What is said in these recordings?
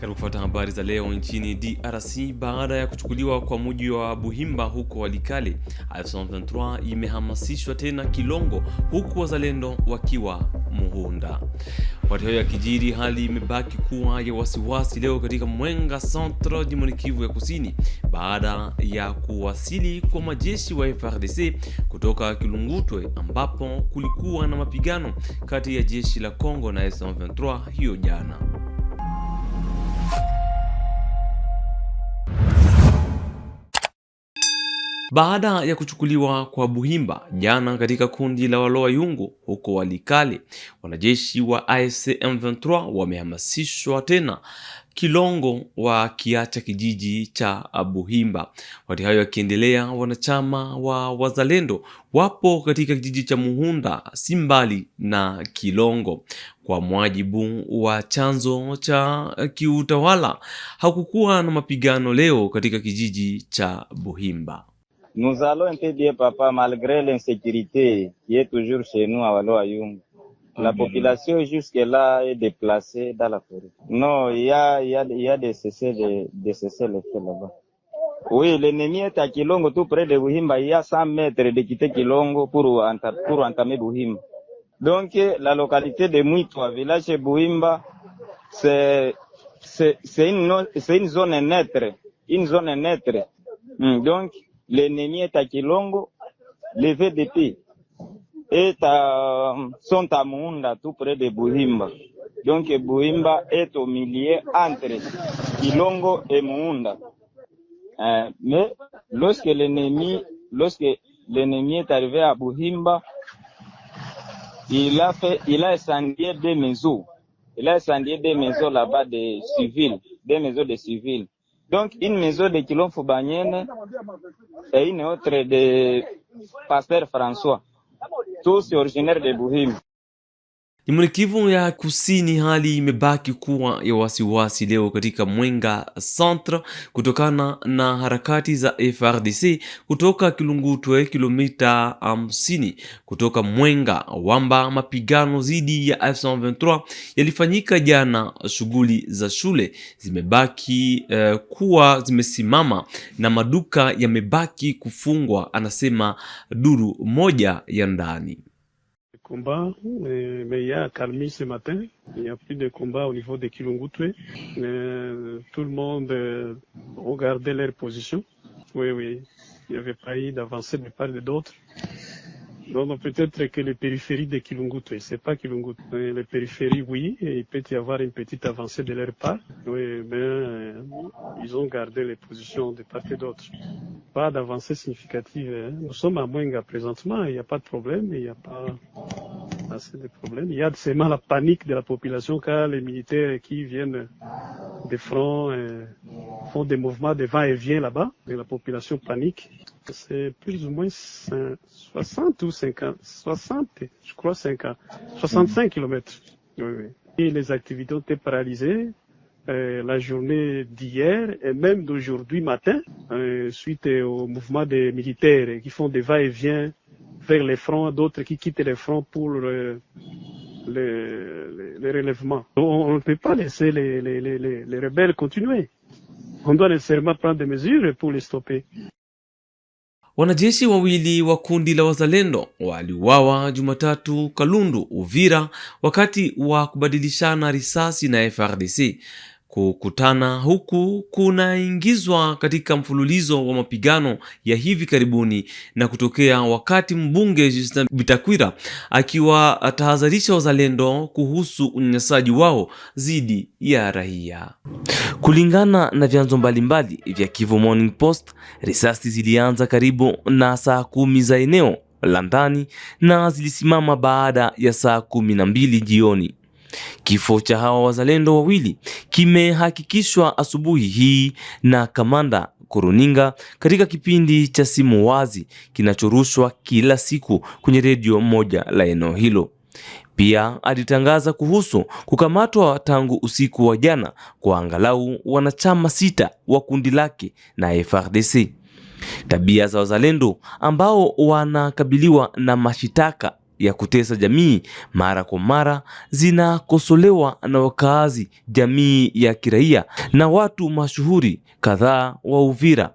Karibu kufuata habari za leo nchini DRC. Baada ya kuchukuliwa kwa muji wa Buhimba huko Walikale, M23 imehamasishwa tena Kilongo, huku wazalendo wakiwa Muhunda. Wakati hayo yakijiri, hali imebaki kuwa ya wasiwasi leo katika Mwenga Centre, jimboni Kivu ya Kusini, baada ya kuwasili kwa majeshi wa FARDC kutoka Kilungutwe, ambapo kulikuwa na mapigano kati ya jeshi la Kongo na M23 hiyo jana. Baada ya kuchukuliwa kwa Buhimba jana katika kundi la Waloa-Yungu huko Walikale, wanajeshi wa AFC M23 wamehamasishwa tena Kilongo wa kiacha kijiji cha Buhimba. Wakati hayo yakiendelea, wanachama wa Wazalendo wapo katika kijiji cha Muhunda si mbali na Kilongo. Kwa mwajibu wa chanzo cha kiutawala, hakukuwa na mapigano leo katika kijiji cha Buhimba. Nous allons interdire papa, malgré l'insécurité qui est toujours chez nous à walo La population jusque-là est déplacée dans la forêt. Non, il y a, il y a, y a des cessés de, des cessés là-bas. Oui, l'ennemi est à Kilongo, tout près de Buhimba. Il y a 100 mètres de quitter Kilongo pour, pour entamer Buhimba. Donc, la localité de Mouitoa, village de Buhimba, c'est, une, une zone neutre. Une zone neutre. Hmm, donc, L'ennemi est à Kilongo, le VDP, est sont à tout près de Bouhimba. Donc Bouhimba est au milieu entre Kilongo et Mounda. Euh, mais lorsque l'ennemi, lorsque l'ennemi est arrivé à Bouhimba, il a fait, il a incendié des maisons. Il a incendié des maisons là-bas des civils, des maisons des civils. Donc, une maison de Kilom Banyene et une autre de Pasteur François. Tous originaires de Bouhim. Jimboni Kivu ya Kusini, hali imebaki kuwa ya wasiwasi leo katika Mwenga Centre kutokana na harakati za FRDC kutoka Kilungutwe, eh, kilomita 50 kutoka Mwenga Wamba. Mapigano dhidi ya f 23 yalifanyika jana. Shughuli za shule zimebaki uh, kuwa zimesimama na maduka yamebaki kufungwa, anasema duru moja ya ndani. combat mais, il y a calmi ce matin. Il n'y a plus de combat au niveau de Kilungutwe. Euh, tout le monde euh, regardait leur position. Oui, oui. Il n'y avait pas eu d'avancée de part non, peut-être que les périphéries de Kilungutu, c'est pas Kilungutu, mais les périphéries, oui, il peut y avoir une petite avancée de leur part, oui, mais euh, ils ont gardé les positions de part et d'autre. Pas d'avancée significative. Hein. Nous sommes à Mwenga présentement, il n'y a pas de problème, il n'y a pas assez de problèmes. Il y a seulement la panique de la population car les militaires qui viennent des fronts... Euh, font des mouvements de va-et-vient là-bas, et la population panique. C'est plus ou moins 60 ou 50, 60, je crois 50, 65 mm. kilomètres. Oui, oui. Et les activités ont été paralysées. Euh, la journée d'hier et même d'aujourd'hui matin, euh, suite au mouvement des militaires qui font des va-et-vient vers les fronts, d'autres qui quittent les fronts pour euh, les, relèvements. On ne peut pas laisser les, rebelles continuer. on doit nécessairement prendre des mesures pour les stopper. Wanajeshi wawili wa kundi la wazalendo waliuawa Jumatatu Kalundu, Uvira, wakati wa kubadilishana risasi na FRDC. Kukutana huku kunaingizwa katika mfululizo wa mapigano ya hivi karibuni na kutokea wakati mbunge Justin Bitakwira akiwa wazalendo kuhusu unyanyasaji wao dhidi ya raia. Kulingana na vyanzo mbalimbali vya Kivu Morning Post, risasi zilianza karibu na saa kumi za eneo la ndani na zilisimama baada ya saa kumi na mbili jioni. Kifo cha hawa wazalendo wawili kimehakikishwa asubuhi hii na kamanda Koroninga katika kipindi cha Simu Wazi kinachorushwa kila siku kwenye redio moja la eneo hilo. Pia alitangaza kuhusu kukamatwa tangu usiku wa jana kwa angalau wanachama sita wa kundi lake na frdc Tabia za wazalendo ambao wanakabiliwa na mashitaka ya kutesa jamii mara kwa mara zinakosolewa na wakaazi, jamii ya kiraia na watu mashuhuri kadhaa wa Uvira.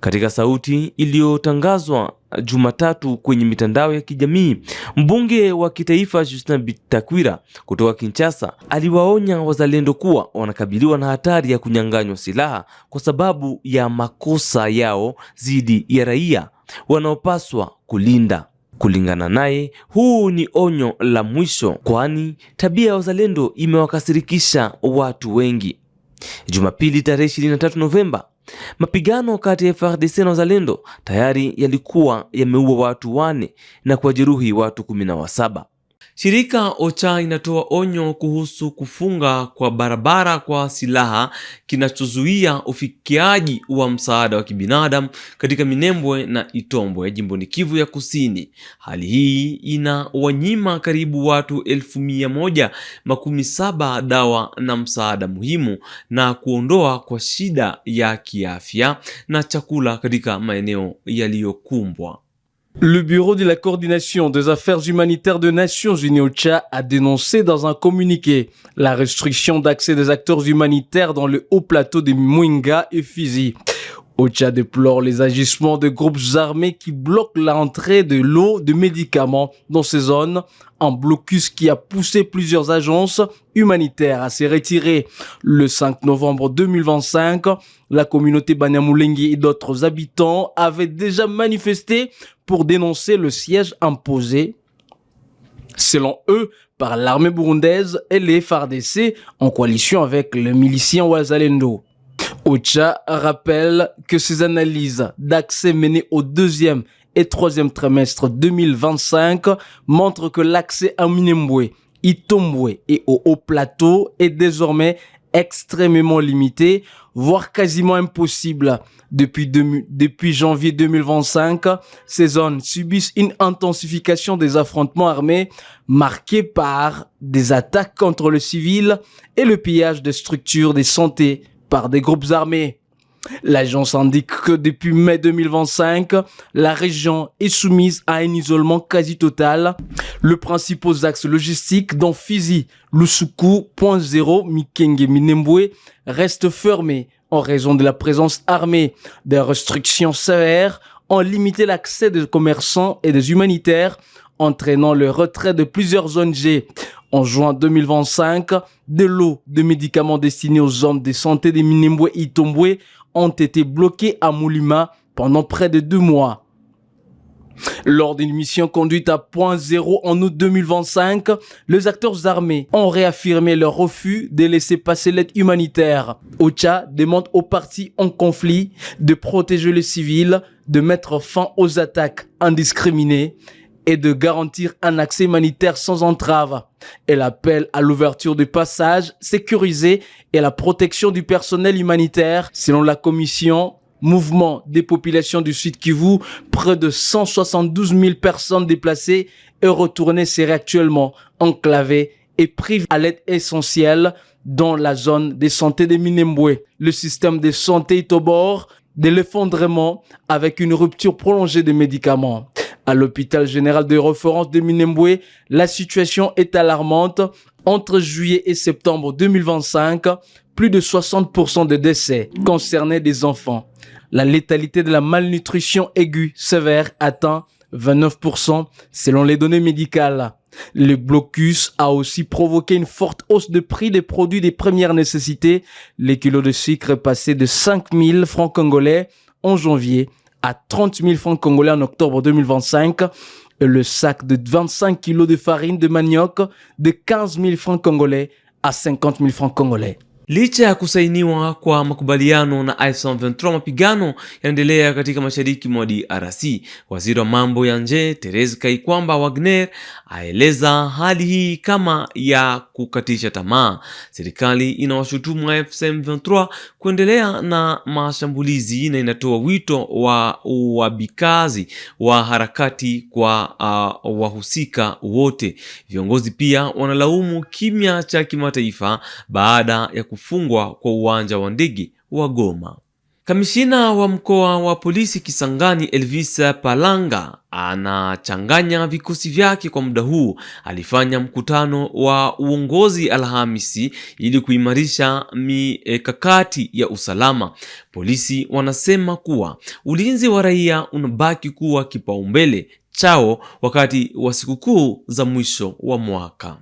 Katika sauti iliyotangazwa Jumatatu kwenye mitandao ya kijamii, mbunge wa kitaifa Justin Bitakwira kutoka Kinshasa aliwaonya wazalendo kuwa wanakabiliwa na hatari ya kunyang'anywa silaha kwa sababu ya makosa yao dhidi ya raia wanaopaswa kulinda. Kulingana naye, huu ni onyo la mwisho, kwani tabia ya wazalendo imewakasirikisha watu wengi. Jumapili tarehe 23 Novemba, mapigano kati ya FARDC na wazalendo tayari yalikuwa yameua watu wane na kuwajeruhi watu kumi na wasaba Shirika OCHA inatoa onyo kuhusu kufunga kwa barabara kwa silaha kinachozuia ufikiaji wa msaada wa kibinadamu katika Minembwe na Itombwe jimboni Kivu ya Kusini. Hali hii ina wanyima karibu watu elfu mia moja makumi saba dawa na msaada muhimu na kuondoa kwa shida ya kiafya na chakula katika maeneo yaliyokumbwa Le bureau de la coordination des affaires humanitaires de Nations Unies OCHA, a dénoncé dans un communiqué la restriction d'accès des acteurs humanitaires dans le haut plateau de Mwinga et Fizi. OCHA déplore les agissements de groupes armés qui bloquent l'entrée de l'eau, de médicaments dans ces zones, un blocus qui a poussé plusieurs agences humanitaires à se retirer. Le 5 novembre 2025, la communauté Banyamulengi et d'autres habitants avaient déjà manifesté pour dénoncer le siège imposé, selon eux, par l'armée burundaise et les FARDC en coalition avec le milicien Ouazalendo. Ocha rappelle que ses analyses d'accès menées au deuxième et troisième trimestre 2025 montrent que l'accès à Minembwe, Itombwe et au Haut Plateau est désormais extrêmement limité, voire quasiment impossible. Depuis, janvier 2025, ces zones subissent une intensification des affrontements armés marqués par des attaques contre le civil et le pillage de structures de santé par des groupes armés. L'agence indique que depuis mai 2025, la région est soumise à un isolement quasi total. Le principaux axes logistiques dont Fizi, Lusuku, Point Mikenge, Minembwe restent fermés en raison de la présence armée. Des restrictions sévères ont limité l'accès des commerçants et des humanitaires, entraînant le retrait de plusieurs ONG. En juin 2025, de l'eau, de médicaments destinés aux hommes de santé des Minembwe et Itombwe ont été bloqués à Moulima pendant près de deux mois. Lors d'une mission conduite à Point Zéro en août 2025, les acteurs armés ont réaffirmé leur refus de laisser passer l'aide humanitaire. OCHA demande aux partis en conflit de protéger les civils, de mettre fin aux attaques indiscriminées et de garantir un accès humanitaire sans entrave. Elle appelle à l'ouverture du passages sécurisés et à la protection du personnel humanitaire. Selon la commission, mouvement des populations du Sud Kivu, près de 172 000 personnes déplacées et retournées seraient actuellement enclavées et privées à l'aide essentielle dans la zone de santé de Minembwe. Le système de santé est au bord de l'effondrement avec une rupture prolongée des médicaments. À l'hôpital général de référence de Minembwe, la situation est alarmante. Entre juillet et septembre 2025, plus de 60% des décès concernaient des enfants. La létalité de la malnutrition aiguë sévère atteint 29% selon les données médicales. Le blocus a aussi provoqué une forte hausse de prix des produits des premières nécessités. Les kilos de sucre passaient passé de 5000 francs congolais en janvier à 30 000 francs congolais en octobre 2025 le sac de 25 kilos de farine de manioc de 15 000 francs congolais à 50 000 francs congolais. Licha ya kusainiwa kwa makubaliano na M23, mapigano yanaendelea katika mashariki mwa DRC. Waziri wa mambo ya nje Therese Kaikwamba Wagner aeleza hali hii kama ya kukatisha tamaa. Serikali inawashutumu M23 kuendelea na mashambulizi na inatoa wito wa uwabikazi wa harakati kwa uh, wahusika wote. Viongozi pia wanalaumu kimya cha kimataifa baada ya kufungwa kwa uwanja wa ndege wa Goma. Kamishina wa mkoa wa polisi Kisangani Elvis Palanga anachanganya vikosi vyake kwa muda huu. Alifanya mkutano wa uongozi Alhamisi ili kuimarisha mikakati ya usalama. Polisi wanasema kuwa ulinzi wa raia unabaki kuwa kipaumbele chao wakati wa sikukuu za mwisho wa mwaka.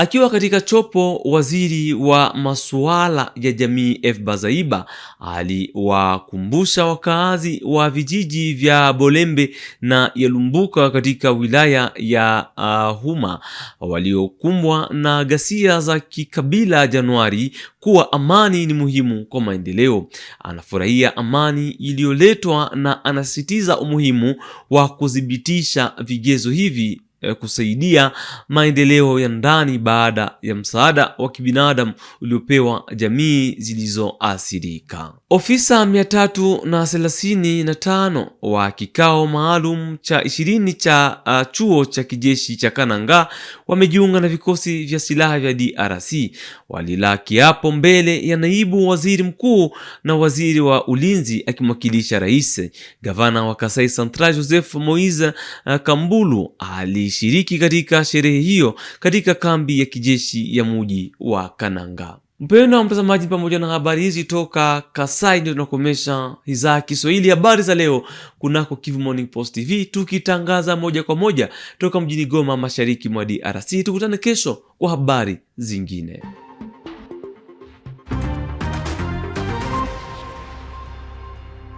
Akiwa katika chopo, waziri wa masuala ya jamii bazaiba aliwakumbusha wakaazi wa vijiji vya Bolembe na Yalumbuka katika wilaya ya uh, Huma waliokumbwa na ghasia za kikabila Januari kuwa amani ni muhimu kwa maendeleo. Anafurahia amani iliyoletwa na anasisitiza umuhimu wa kudhibitisha vigezo hivi Eh, kusaidia maendeleo ya ndani baada ya msaada wa kibinadamu uliopewa jamii zilizoathirika. Ofisa mia tatu na thelathini na tano wa kikao maalum cha ishirini cha uh, chuo cha kijeshi cha Kananga wamejiunga na vikosi vya silaha vya DRC. Walila kiapo mbele ya naibu waziri mkuu na waziri wa ulinzi akimwakilisha rais. Gavana wa Kasai Central Joseph Moise uh, Kambulu ali walishiriki katika sherehe hiyo katika kambi ya kijeshi ya muji wa Kananga. Mpendo wa mtazamaji, pamoja na habari hizi toka Kasai, ndio tunakomesha idhaa Kiswahili habari za leo kunako Kivu Morning Post TV, tukitangaza moja kwa moja toka mjini Goma, mashariki mwa DRC. Tukutane kesho kwa habari zingine.